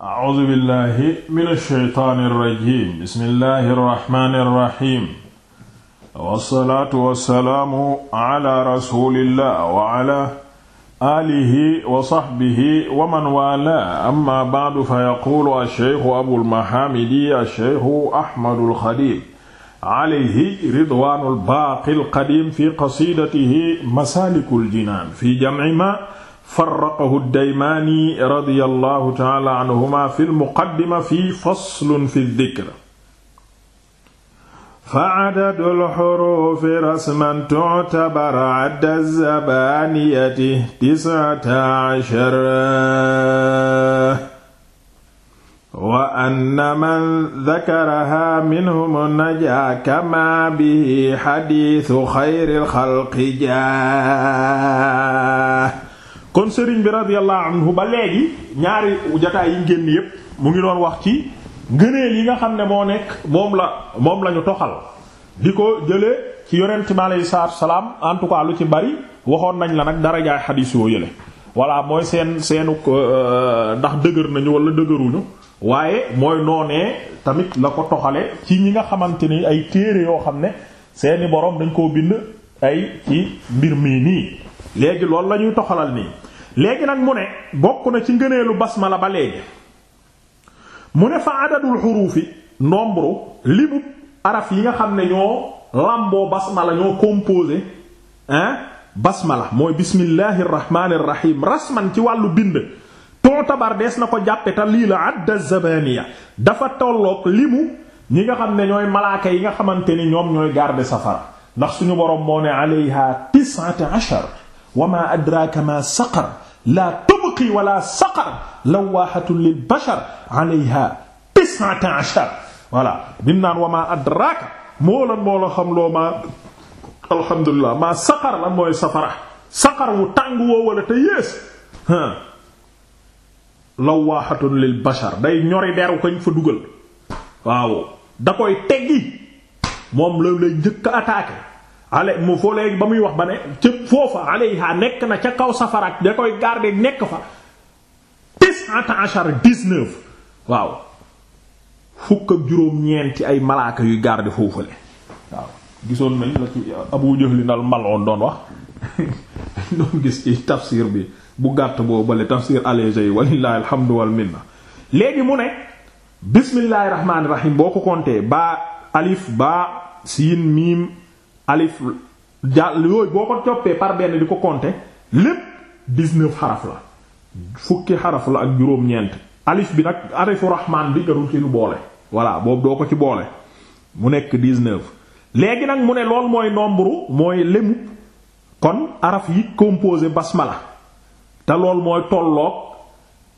A'uuzu billahi mina shaytaani rajiim bismillahi rahmaani rahiim. wasalaatu wasalaamu ala rasulillah wa ala aalihi wa saxbihi wa man waalaahu amma ba'du fa yaquulu ash-shaykhu abul mahaamidi ash-shaykhu Ahmadul Xadiim alayhi ridwaanul baaqil qadiim fi qasiidatihi masaalikul jinaan fi jam'i maa farraqahu daymaani radiyallahu taala anhuma fi lmuqaddima fi faslun fi dikr fa adadu lxurufi rasman tuctabar adda zabaniyati tisata ashar wa anna man dakaraha minhum najaa kama bihi xadiisu xayri lxalqi jaa kon sëriñ bi radiyallahu anhu ba léegi ñaari jataay yi ngénn yépp mu ngi doon wax ci ngëneel yi nga xam ne moo nekk moom la moom la ñu toxal di ko jëlee ci yonent mi aleyhi salaatu salaam en tout cas lu ci bari waxoon nañ la nag darajaay xadiis yoo yële voilà mooy seen seenu euh, ndax dëgër nañu walla dëgëruñu waaye mooy noonee tamit la ko toxale ci ñi nga xamante ni ay téere yoo xam ne seeni borom dañ koo bind ay ci mbir mii nii léegi loolu la ñuy toxalal nii léegi nag mu ne bokk na ci ngëneelu basmala ba léegi mu ne fa adadul xuruufi nombre limu araf yi nga xam ne ñoo làmboo basmala ñoo composé hein la mooy bismillaahir rahmaanir rahiim rasman ci wàllu bind tootabar dees na ko jàppe te lii la adda zabaniya dafa tolloog limu ñi nga xam ne ñooy malaaka yi nga xamante ni ñoom ñooy garder safara ndax suñu boroom moo ne alayha tis'ata ashar wa ma adraka ma saqar la tubqi wala saqar lawaahatun lil bashar alayha tis'ata ashar voilà bim naan wa ma adraka moo lan xam loo ma alhamdulilah maa saqar lan mooy safara saqar wu tàng woo wala te yées lawaahatun lil bashar day ñori deru koñ fa dugal waaw da koy teggi moom la lay njëkk attaquer ale mu foo léegi ba muy wax ba ne ca foofa alayha nekk na ca kaw safaraat da koy garder nekk fa tis'ata ashara dix-neuf waaw fukk juróom-ñeenti ay malaaka yuy garder foofule waaw gisoon nañ la ci Abu Jahl nal doon wax doon gis ci tafsir bi bu gàtt boo bale tafsir allégé yi walillahi alhamdu wal léegi mu ne bismillahir rahmanir rahim boo ko compter ba alif ba siin miim alif jàll yooyu boo ko toppee par benn di ko compter lépp dix-neuf xaraf la fukki xaraf la ak juróom-ñeent alif bi nag alifu rahmaan bi garul ci lu boole voilà boobu doo ko ci boole mu nekk dix-neuf léegi nag mu ne lool mooy nombre mooy lemu kon araf yi composé basmala te lool mooy tolloog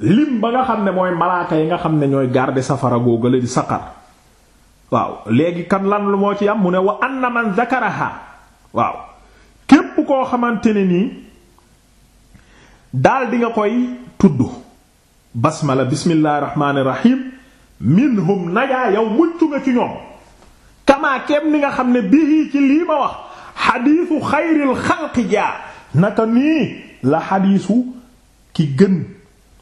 lim ba nga xam ne mooy malaaka yi nga xam ne ñooy garder safara googu la di saqar waaw léegi kan lan lu moo ci am mu ne wa anna man zakaraha waaw képp koo xamante ne nii daldi nga koy tudd basmala bismillahir rahmanir rahim minhum najaa yow mucc nga ci ñoom kamaa ni nga xam ne bii ci lii ma wax xadiisu xayril xalqi jaa naka nii la xadiisu ki gën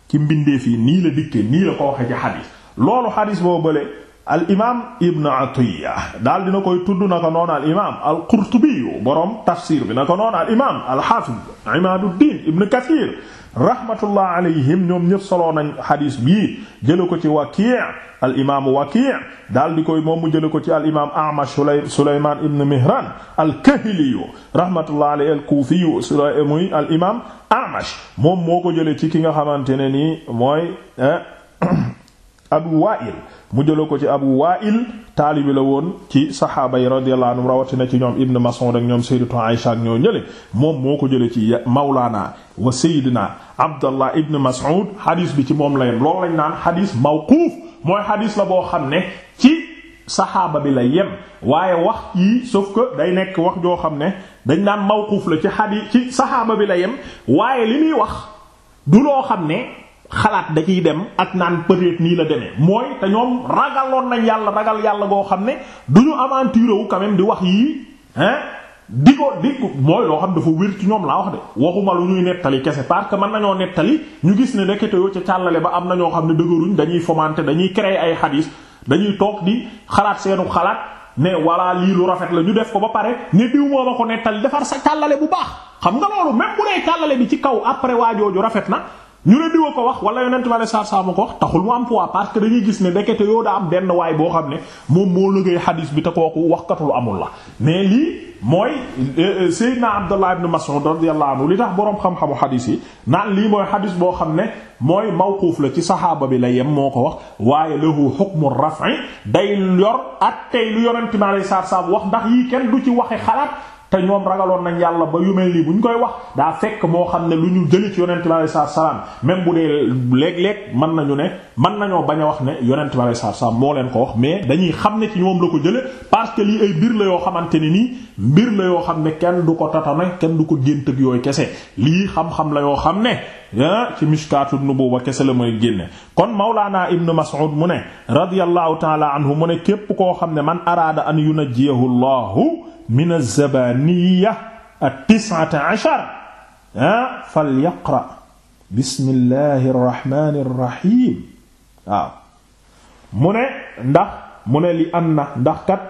ci mbindeef yi nii la dikke nii la ko waxe ci xadiis loolu xadiis boo bële al imaam Ibn Atiyya daal dina koy tudd na ko noonu al imaam al Qurtubi borom tafsir bi na ko noonu al imaam al rahmatullah alayhim ñoom ñëpp solo nañ xadiis bii jëlee ko ci Waki' al imaam Waki' daal di koy moom mu jëlee ko ci al imaam A'mash Sulaymaan Ibn Mihraan rahmatullah alayhi al Kuufi muy al moom moo ko jëlee ci ki nga xamante ne nii mooy. Eh, abu wa'il mu jële ko ci abu wa'il taalibi la woon ci saxaaba yi radiyallahu anhum rawatina ci ñoom ibn mas'ud ak ñoom sayyidatu aisha ak ñoo ñële moom moo ko jële ci mawlaana wa sayyidina abdallah ibn mas'ud xadiis bi ci moom la yem loolu lañ naan xadiis mawquuf mooy xadiis la boo xam ne ci saxaaba bi la yem waaye wax yi sauf que day nekk wax joo xam ne dañ naan mawquuf la ci xadiis ci saxaaba bi la yem waaye li muy wax du loo xam ne xalaat da ciy dem ak naan peut-être nii la demee mooy te ñoom ragaloon nañ yàlla ragal yàlla goo xam ne du ñu aventure wu quand di wax yii hein di ko di mooy loo xam dafa wér ci ñoom laa wax de waxuma lu ñuy nettali kese parce que mën nañoo nettali ñu gis ne nekkete yoo ca càllale ba am na ñoo xam ne dëgëruñ dañuy fomenter dañuy créer ay xadiis dañuy toog di xalaat seenu xalaat ne walla lii lu rafet la ñu def ko ba pare ne diw moo ma ko nettali defar sa càllale bu baax xam nga loolu même bu dee càllale bi ci kaw après waajooju rafet na ñu ne diwa ko wax wala yonent ma ne saar saama ko wax taxul mu am poids parce dañuy gis ne ndekete yoo daa am benn waay boo xam ne moom moo lëgëy xadiis bi te kooku waxkatu lu amul la mais lii mooy euh, euh, Seydina Abdullah ibn Mas'ud radiyallahu anhu li tax boroom xam-xamu xadiis yi naan lii mooy xadiis boo xam ne mooy mawquuf la ci saxaaba bi la yem moo ko wax waaye lahu hukmu raf'i day yor ak tey lu yonent ma ne saar saam wax ndax yi kenn du ci waxe xalaat te ñoom ragaloon nañ yàlla ba yu mel nii bu ñu koy wax daa fekk moo xam ne lu ñu jëli ci yonent bi alayhi salaam même bu dee léeg-léeg mën nañu ne mën nañoo bañ a wax ne yonent bi alayhi salaam moo leen ko wax mais dañuy xam ne ci ñoom la ko jële parce que lii ay mbir la yoo xamante ne nii mbir la yoo xam ne kenn du ko tatane kenn du ko gént ak yooyu kese lii xam-xam la yoo xam ne ci mishkaatu nubuwa kese la mooy génne kon mawlaana ibnu mas'ud mu ne radiyallahu taala anhu mu ne képp koo xam ne man araada an yu llahu min az-zabaniyya at-tis'ata 'ashar ah falyaqra bismillahi rrahmani rrahim mu ne ndax mu ne li am ndax kat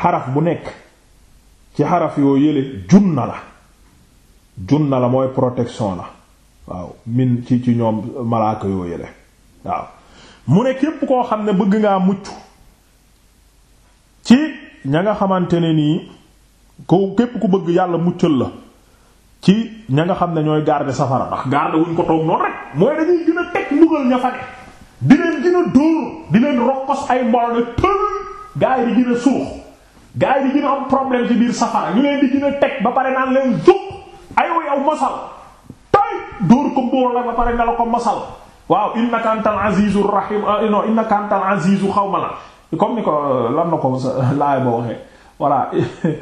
xaraf bu nekk ci xaraf yoo yële junna la junna la mooy protection la waaw min ci ci ñoom malaaka yoo yële waaw mu ne képp koo xam ne bëgg ngaa mucc ci ña nga xamante ne nii ko képp ku bëgg yàlla muccal la ci ña nga xam ne ñooy garder safara ndax garder wuñ ko toog noonu rek mooy dañuy gën a teg mbugal ña fa ne di leen gën dóor di leen rokkos ay mbol ne tël gaa yi di gën suux gaa yi di gën am problème ci biir safara ñu leen di gën teg ba pare naan leen zuq aywa yow mosal dóor ko mbóor la ba pare ne la ko masal waaw innaka antal azizur rahim euh, non innaka antal azizu xawma la comme ni ko euh, lan na ko laay ba waxee voilà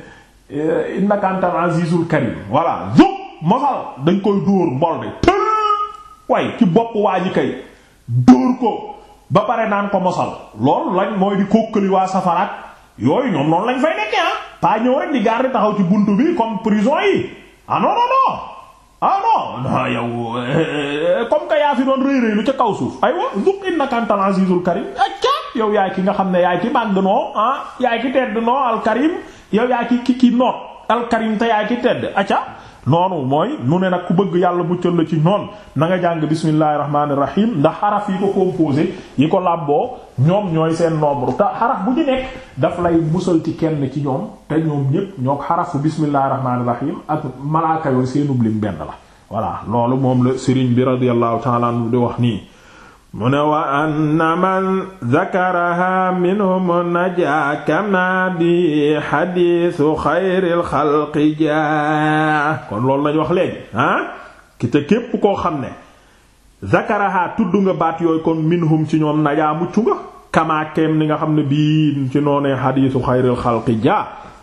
innaka antal azizul karim voilà zub masal dañ koy dóor mbol de të way ci bopp waa ji kay dóor ko ba pare naan ko mosal loolu lañ mooy di kókkali waa safaraat yooyu ñoom noonu lañ fay nekkee ah pas ñëw rek di garder taxaw ci buntu bi comme prison yi ah non ah non non eh, comme que yaa fi doon rëy rëylu ca kaw suuf aywa zuq innaka antal azizul karim acca eh, yow yaay ki nga xam ne yaay ki màgg noo ah yaay ki tedd noo al karim yaay ki ki noot al te yaay ki tedd acca noonu mooy mu ne nag ku bëgg yàlla muccal la ci noonu na nga jàng bismillahir rahmanir rahim ndax xaraf yi ko composé yi ko làbboo ñoom ñooy seen nombre te xaraf bu ñu nekk daf lay musal ci kenn ci ñoom te ñoom ñépp ñoo xarafu bismillahir rahmanir rahim ak malaaka yooyu seenub lim benn la voilà loolu moom la sëriñ bi radiyallahu ta'ala anhu di wax nii mu ne wa anna man zakaraha minhum najaa kama bi xadiisu xayril xalqi jaa kon loolu lañ wax léegi ah ki te képp koo xam ne zakaraha tudd nga baat yooyu kon minhum ci ñoom najaa mucc nga kama ni nga xam ne bii ci noonee xadiisu xayril xalqi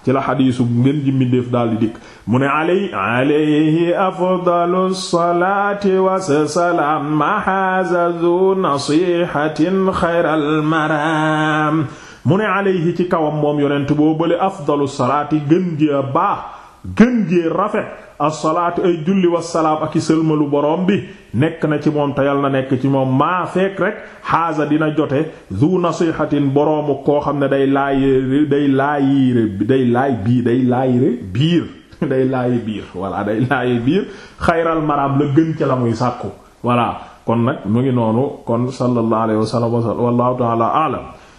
ci la xadiisu ngeen ji mbindéef daal di dikk mu ne alay alayhi afdalu salaati wasalaam mahazazu nasihatin xayral maram mu ne alayhi ci kawam moom yonent boo bale afdalu salaati gën ji a gën jee rafet asalaatu ay julli wasalaam ak i sëlmalu borom bi nekk na ci moom te yal na nekk ci moom maa fekk rek xaasa dina jote zu nasihatin boroomu koo xam ne day laay day laayiire day laay bii day laayiire biir day laayi biir voilà day laayi biir xayral maraam la gën ca la muy sàkku voilà kon nag mu ngi noonu kon sallallahu alayhi